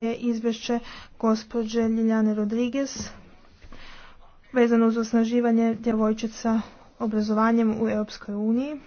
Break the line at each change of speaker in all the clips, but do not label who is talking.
je izvješće gospođe Ljiljane Rodriguez vezano uz osnaživanje djevojčica obrazovanjem u Europskoj uniji.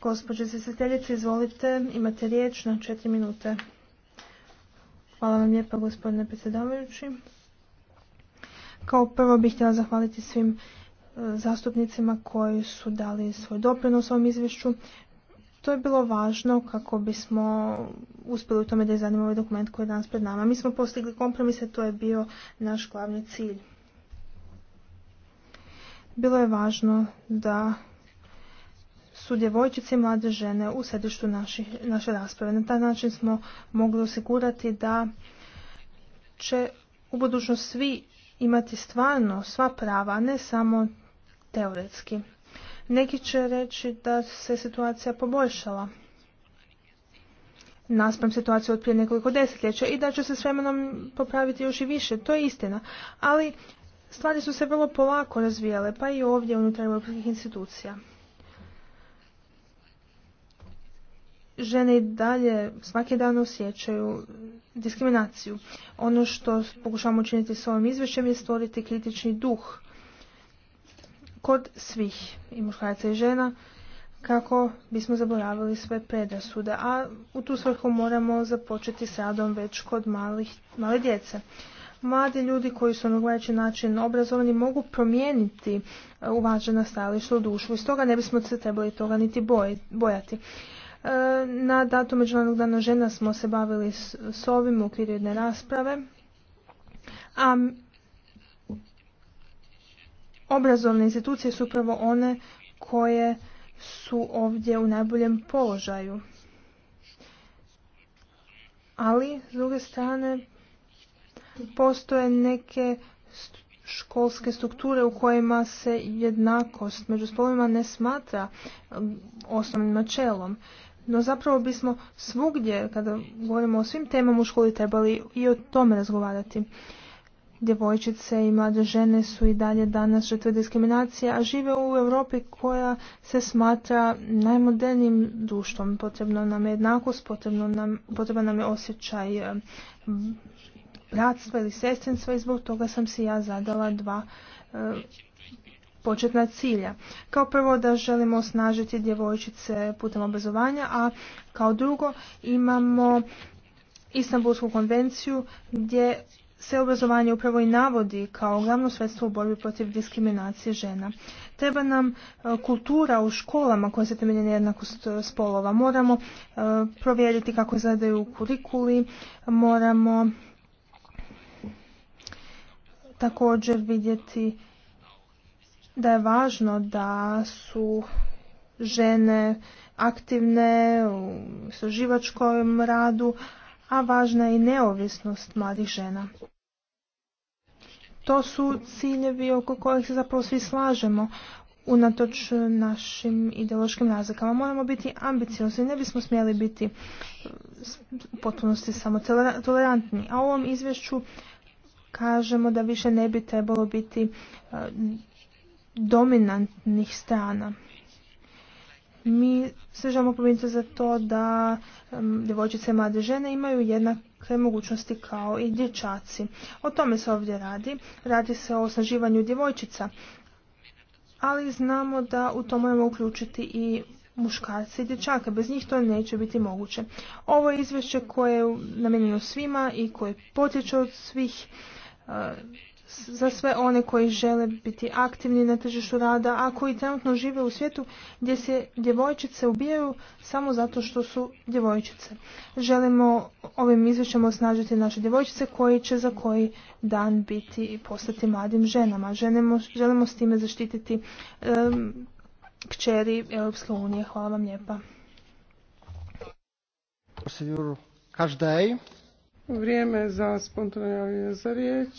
Gospođe izvolite, imate riječ na četiri minute. Hvala vam lijepa gospodine predsjedavajući. Kao prvo bih htjela zahvaliti svim e, zastupnicima koji su dali svoj doprinos ovom izvješću. To je bilo važno kako bismo uspjeli u tome da izradimo ovaj dokument koji je danas pred nama. Mi smo postigli kompromise, to je bio naš glavni cilj. Bilo je važno da su djevojčice i mlade žene u središtu naše rasprave. Na taj način smo mogli osigurati da će u budućnosti svi imati stvarno sva prava, ne samo teoretski. Neki će reći da se situacija poboljšala naspram situaciju od prije nekoliko desetljeća i da će se s vremenom popraviti još i više. To je istina. Ali stvari su se vrlo polako razvijale, pa i ovdje unutar europskih institucija. žene i dalje svaki dan osjećaju diskriminaciju. Ono što pokušavamo učiniti s ovim izvješćem je stvoriti kritični duh kod svih i muškaraca i žena kako bismo zaboravili sve predrasude, a u tu svrhu moramo započeti s radom već kod malih, male djece. Mladi ljudi koji su na odgovarajući način obrazovani mogu promijeniti e, uvažena stajališta u dušu i stoga ne bismo se trebali toga niti bojati. E, na datu Međunarodnog dana žena smo se bavili s ovim u okviru jedne rasprave, a obrazovne institucije su upravo one koje su ovdje u najboljem položaju. Ali, s druge strane, postoje neke školske strukture u kojima se jednakost među spolovima ne smatra osnovnim načelom. No zapravo bismo svugdje, kada govorimo o svim temama u školi, trebali i o tome razgovarati djevojčice i mlade žene su i dalje danas žrtve diskriminacije, a žive u Europi koja se smatra najmodernijim društvom. Potrebno nam je jednakost, potrebno nam, potreban nam je osjećaj eh, bratstva ili sestrinstva i zbog toga sam si ja zadala dva eh, početna cilja. Kao prvo da želimo osnažiti djevojčice putem obrazovanja, a kao drugo imamo Istanbulsku konvenciju gdje se obrazovanje upravo i navodi kao glavno sredstvo u borbi protiv diskriminacije žena. Treba nam e, kultura u školama koja se temelji na jednakost e, spolova. Moramo e, provjeriti kako izgledaju kurikuli, moramo također vidjeti da je važno da su žene aktivne u istraživačkom radu, a važna je i neovisnost mladih žena. To su ciljevi oko kojih se zapravo svi slažemo unatoč našim ideološkim razlikama. Moramo biti ambiciozni, ne bismo smjeli biti u potpunosti samo tolerantni. A u ovom izvješću kažemo da više ne bi trebalo biti e, dominantnih strana. Mi se želimo za to da djevojčice i mlade žene imaju jednake mogućnosti kao i dječaci. O tome se ovdje radi. Radi se o osnaživanju djevojčica. Ali znamo da u to moramo uključiti i muškarce i dječake. Bez njih to neće biti moguće. Ovo je izvješće koje je namijenjeno svima i koje potječe od svih za sve one koji žele biti aktivni na tržištu rada, a koji trenutno žive u svijetu gdje se djevojčice ubijaju samo zato što su djevojčice. Želimo ovim izvješćem osnažiti naše djevojčice koji će za koji dan biti i postati mladim ženama. Želimo, s time zaštititi kćeri Europske unije. Hvala vam lijepa.
Vrijeme za spontano za riječ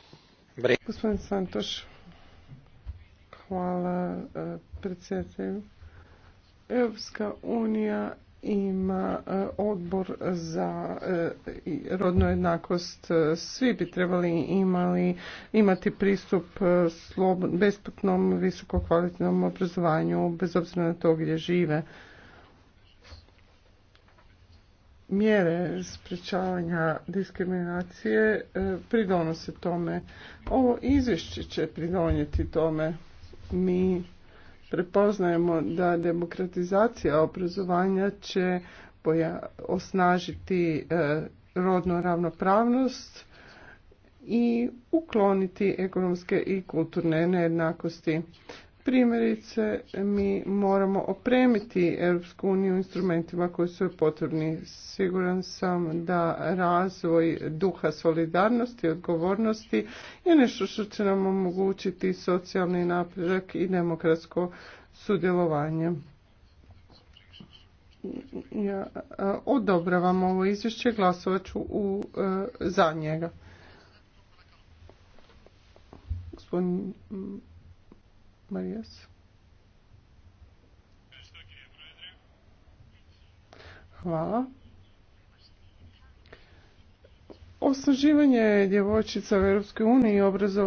Gospodin Santoš, hvala e, predsjedatelju. Europska unija ima e, odbor za e, rodnu jednakost. Svi bi trebali imali, imati pristup besplatnom visokokvalitetnom obrazovanju bez obzira na to gdje žive mjere sprječavanja diskriminacije e, pridonose tome. Ovo izvješće će pridonijeti tome. Mi prepoznajemo da demokratizacija obrazovanja će osnažiti e, rodnu ravnopravnost i ukloniti ekonomske i kulturne nejednakosti. Primjerice, mi moramo opremiti Europsku uniju instrumentima koji su potrebni. Siguran sam da razvoj duha solidarnosti i odgovornosti je nešto što će nam omogućiti socijalni napredak i demokratsko sudjelovanje. Ja odobravam ovo izvješće, glasovat ću u, e, za njega. Gospodin Marias. Hvala. Osnaživanje djevojčica u Europskoj uniji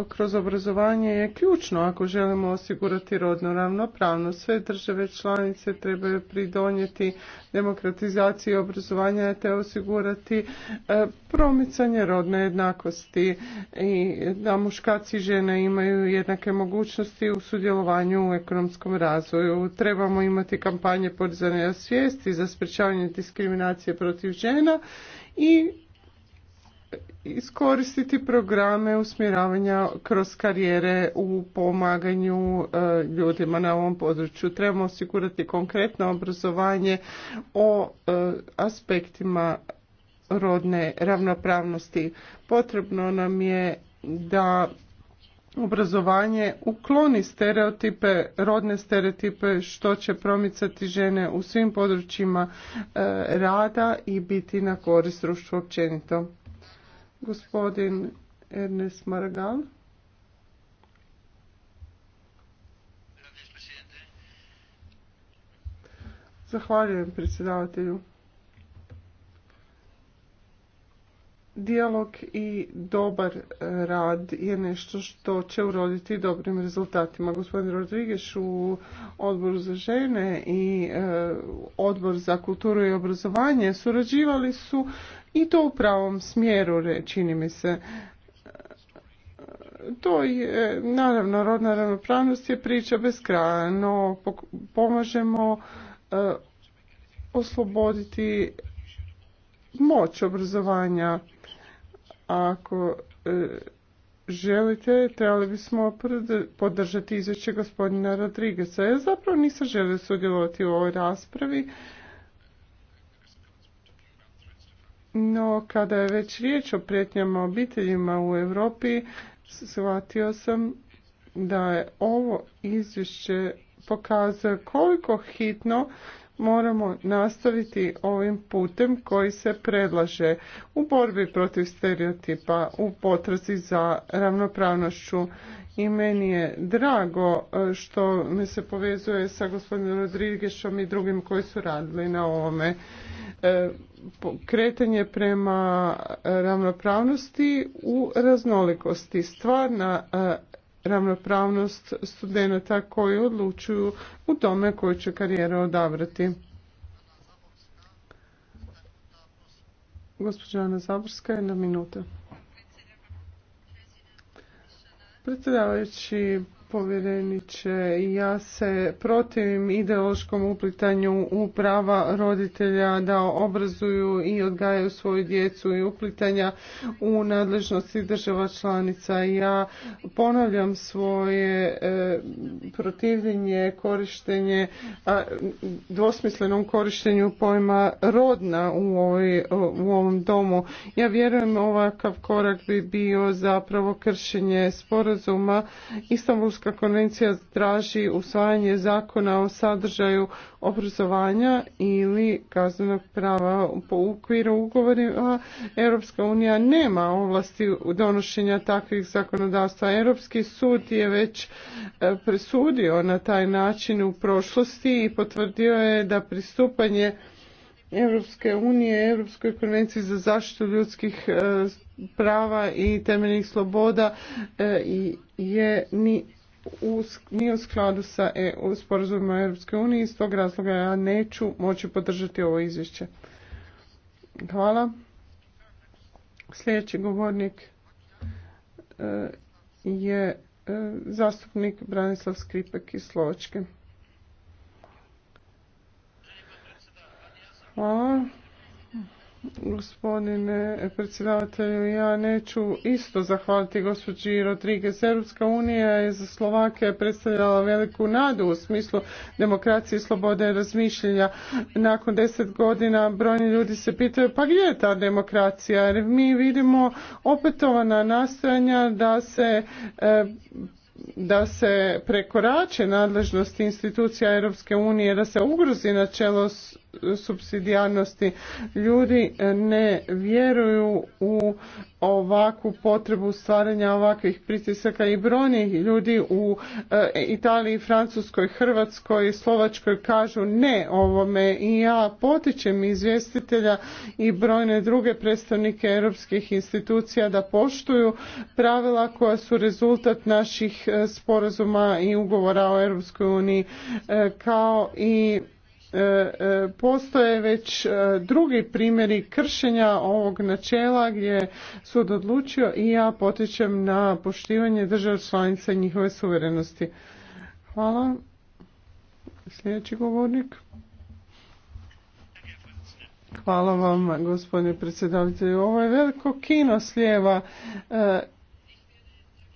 kroz obrazovanje je ključno ako želimo osigurati rodnu ravnopravnost. Sve države članice trebaju pridonijeti demokratizaciji obrazovanja te osigurati e, promicanje rodne jednakosti i da muškaci i žene imaju jednake mogućnosti u sudjelovanju u ekonomskom razvoju. Trebamo imati kampanje podizanja svijesti za sprečavanje diskriminacije protiv žena i iskoristiti programe usmjeravanja kroz karijere u pomaganju e, ljudima na ovom području. Trebamo osigurati konkretno obrazovanje o e, aspektima rodne ravnopravnosti. Potrebno nam je da obrazovanje ukloni stereotipe, rodne stereotipe što će promicati žene u svim područjima e, rada i biti na korist društvu općenito. Gospodin Ernest Maragal. Zahvaljujem predsjedavatelju. Dijalog i dobar rad je nešto što će uroditi dobrim rezultatima. Gospodin Rodriguez u odboru za žene i e, odbor za kulturu i obrazovanje surađivali su i to u pravom smjeru, čini mi se. To je, naravno, rodna ravnopravnost je priča bez kraja, no pomažemo e, osloboditi moć obrazovanja. Ako e, želite, trebali bismo podržati izvješće gospodina Rodrigueza. Ja zapravo nisam želio sudjelovati u ovoj raspravi, No, kada je već riječ o prijetnjama obiteljima u Europi, shvatio sam da je ovo izvješće pokazuje koliko hitno moramo nastaviti ovim putem koji se predlaže u borbi protiv stereotipa, u potrazi za ravnopravnošću. I meni je drago e, što me se povezuje sa gospodinom Rodrigešom i drugim koji su radili na ovome. E, kretanje prema e, ravnopravnosti u raznolikosti. Stvarna e, ravnopravnost studenta koji odlučuju u tome koju će karijeru odabrati. Gospođa Ana Zaborska, jedna minuta. Predsjedavajući povjereniče. Ja se protivim ideološkom uplitanju u prava roditelja da obrazuju i odgajaju svoju djecu i uplitanja u nadležnosti država članica. Ja ponavljam svoje e, protivljenje korištenje dvosmislenom korištenju pojma rodna u, ovom domu. Ja vjerujem ovakav korak bi bio zapravo kršenje sporazuma Istanbulske konvencija traži usvajanje zakona o sadržaju obrazovanja ili kaznenog prava po okviru ugovorima. Europska unija nema ovlasti donošenja takvih zakonodavstva. Europski sud je već e, presudio na taj način u prošlosti i potvrdio je da pristupanje Europske unije, Europskoj konvenciji za zaštitu ljudskih e, prava i temeljnih sloboda e, je ni nije u skladu sa EU, sporazumima Europske unije i iz tog razloga ja neću moći podržati ovo izvješće. Hvala. Sljedeći govornik e, je e, zastupnik Branislav Skripek iz Slovačke. Hvala. Gospodine predsjedavatelju, ja neću isto zahvaliti gospođi Rodriguez. Europska unija je za Slovake predstavljala veliku nadu u smislu demokracije i slobode razmišljenja. Nakon deset godina brojni ljudi se pitaju pa gdje je ta demokracija? Jer mi vidimo opetovana nastojanja da se eh, da se prekorače nadležnosti institucija Europske unije, da se ugrozi načelo subsidijarnosti. Ljudi eh, ne vjeruju u ovakvu potrebu stvaranja ovakvih pritisaka i brojni ljudi u e, Italiji, Francuskoj, Hrvatskoj, Slovačkoj kažu ne ovome i ja potičem izvjestitelja i brojne druge predstavnike europskih institucija da poštuju pravila koja su rezultat naših e, sporazuma i ugovora o Europskoj uniji e, kao i E, e, postoje već e, drugi primjeri kršenja ovog načela gdje sud odlučio i ja potičem na poštivanje država članica i njihove suverenosti. Hvala. Sljedeći govornik. Hvala vam, gospodine predsjedavitelju. Ovo je veliko kino slijeva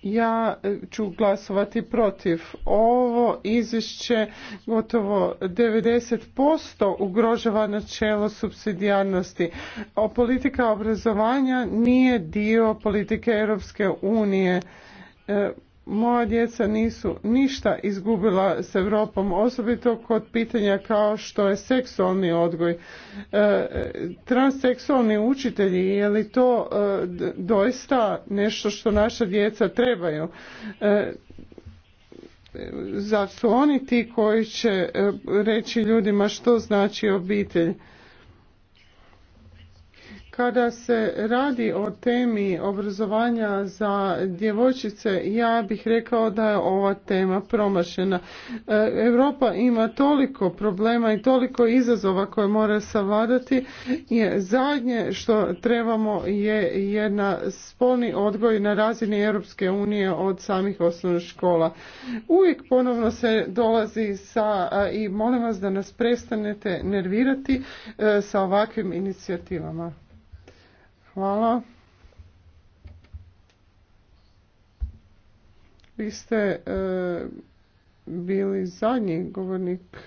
ja e, ću glasovati protiv. Ovo izvješće gotovo 90% ugrožava načelo subsidijarnosti. Politika obrazovanja nije dio politike Europske unije e, moja djeca nisu ništa izgubila s Europom, osobito kod pitanja kao što je seksualni odgoj. E, transseksualni učitelji, je li to e, doista nešto što naša djeca trebaju? E, zar su oni ti koji će reći ljudima što znači obitelj? Kada se radi o temi obrazovanja za djevojčice, ja bih rekao da je ova tema promašena. E, Europa ima toliko problema i toliko izazova koje mora savladati. Zadnje što trebamo je jedna spolni odgoj na razini Europske unije od samih osnovnih škola. Uvijek ponovno se dolazi sa e, i molim vas da nas prestanete nervirati e, sa ovakvim inicijativama. Hvala. Vi ste e, bili zadnji govornik,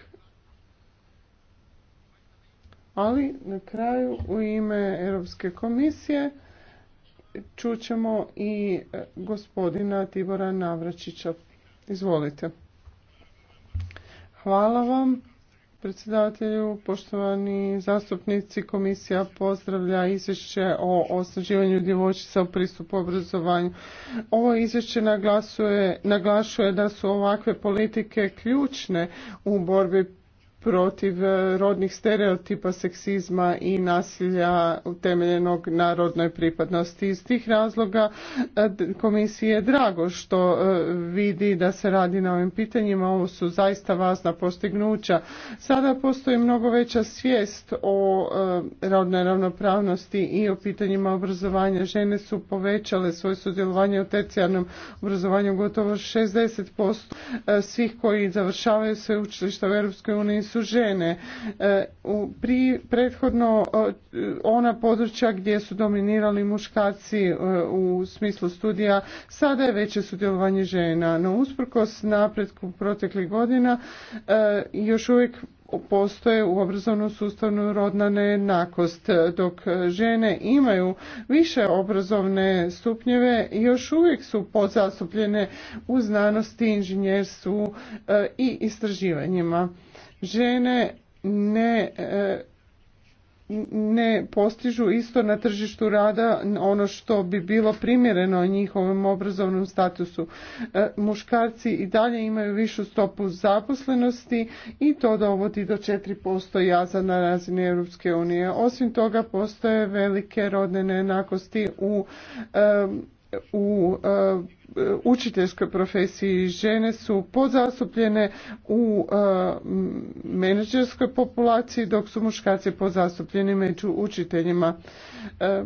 ali na kraju u ime Europske komisije čućemo i e, gospodina Tibora Navračića. Izvolite. Hvala vam. Predsjedatelju, poštovani zastupnici, komisija pozdravlja izvješće o osnaživanju djevojčica u pristupu obrazovanju. Ovo izvješće naglašuje da su ovakve politike ključne u borbi protiv e, rodnih stereotipa, seksizma i nasilja utemeljenog na rodnoj pripadnosti. Iz tih razloga e, komisiji je drago što e, vidi da se radi na ovim pitanjima. Ovo su zaista važna postignuća. Sada postoji mnogo veća svijest o rodnoj ravnopravnosti i o pitanjima obrazovanja. Žene su povećale svoje sudjelovanje u tercijarnom obrazovanju gotovo 60% svih koji završavaju sve učilišta u EU su žene. E, pri prethodno ona područja gdje su dominirali muškarci e, u smislu studija, sada je veće sudjelovanje žena. No usprkos napretku proteklih godina e, još uvijek postoje u obrazovnom sustavu rodna nejednakost, dok žene imaju više obrazovne stupnjeve još uvijek su podzastupljene u znanosti, inženjerstvu i istraživanjima žene ne e, ne postižu isto na tržištu rada ono što bi bilo primjereno njihovom obrazovnom statusu. E, muškarci i dalje imaju višu stopu zaposlenosti i to dovodi do 4% jaza na razini Europske unije. Osim toga postoje velike rodne nejednakosti u e, u E, učiteljskoj profesiji žene su podzastupljene u e, menadžerskoj populaciji dok su muškarci podzastupljeni među učiteljima e,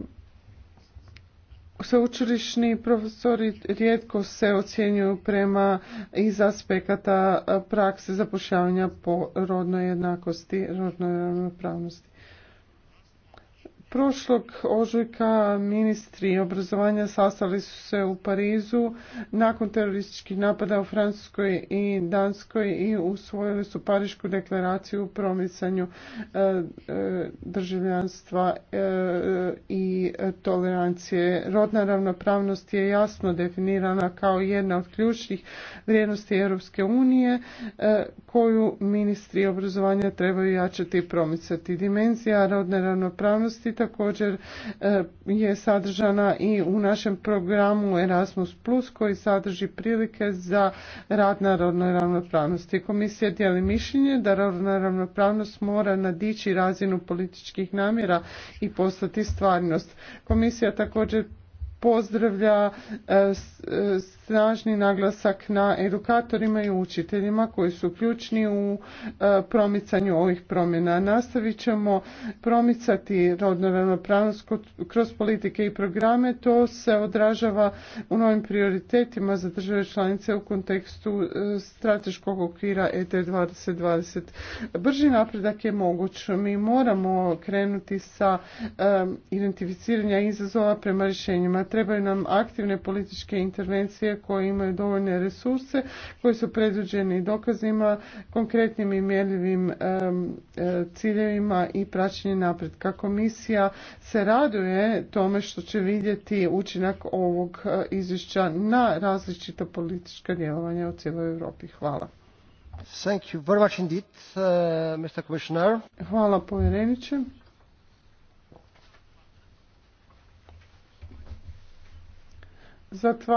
sveučilišni profesori rijetko se ocjenjuju prema iz aspekata prakse zapošljavanja po rodnoj jednakosti, rodnoj ravnopravnosti. Prošlog ožujka ministri obrazovanja sastali su se u Parizu nakon terorističkih napada u Francuskoj i Danskoj i usvojili su Parišku deklaraciju u promicanju e, e, državljanstva e, i tolerancije. Rodna ravnopravnost je jasno definirana kao jedna od ključnih vrijednosti Europske unije koju ministri obrazovanja trebaju jačati i promicati. Dimenzija rodne ravnopravnosti također e, je sadržana i u našem programu Erasmus Plus koji sadrži prilike za rad na rodnoj ravnopravnosti. Komisija dijeli mišljenje da rodna ravnopravnost mora nadići razinu političkih namjera i postati stvarnost. Komisija također pozdravlja e, e, snažni naglasak na edukatorima i učiteljima koji su ključni u e, promicanju ovih promjena. Nastavit ćemo promicati rodno ravnopravnost kroz politike i programe. To se odražava u novim prioritetima za države članice u kontekstu strateškog okvira ET 2020. Brži napredak je moguć. Mi moramo krenuti sa identificiranja izazova prema rješenjima trebaju nam aktivne političke intervencije koje imaju dovoljne resurse, koje su i dokazima, konkretnim i mjerljivim e, ciljevima i praćenje napretka. Komisija se raduje tome što će vidjeti učinak ovog e, izvješća na različita politička djelovanja u cijeloj Europi. Hvala. Thank you very much indeed, uh, Mr. Commissioner. Hvala povjereniče. zatvaranje.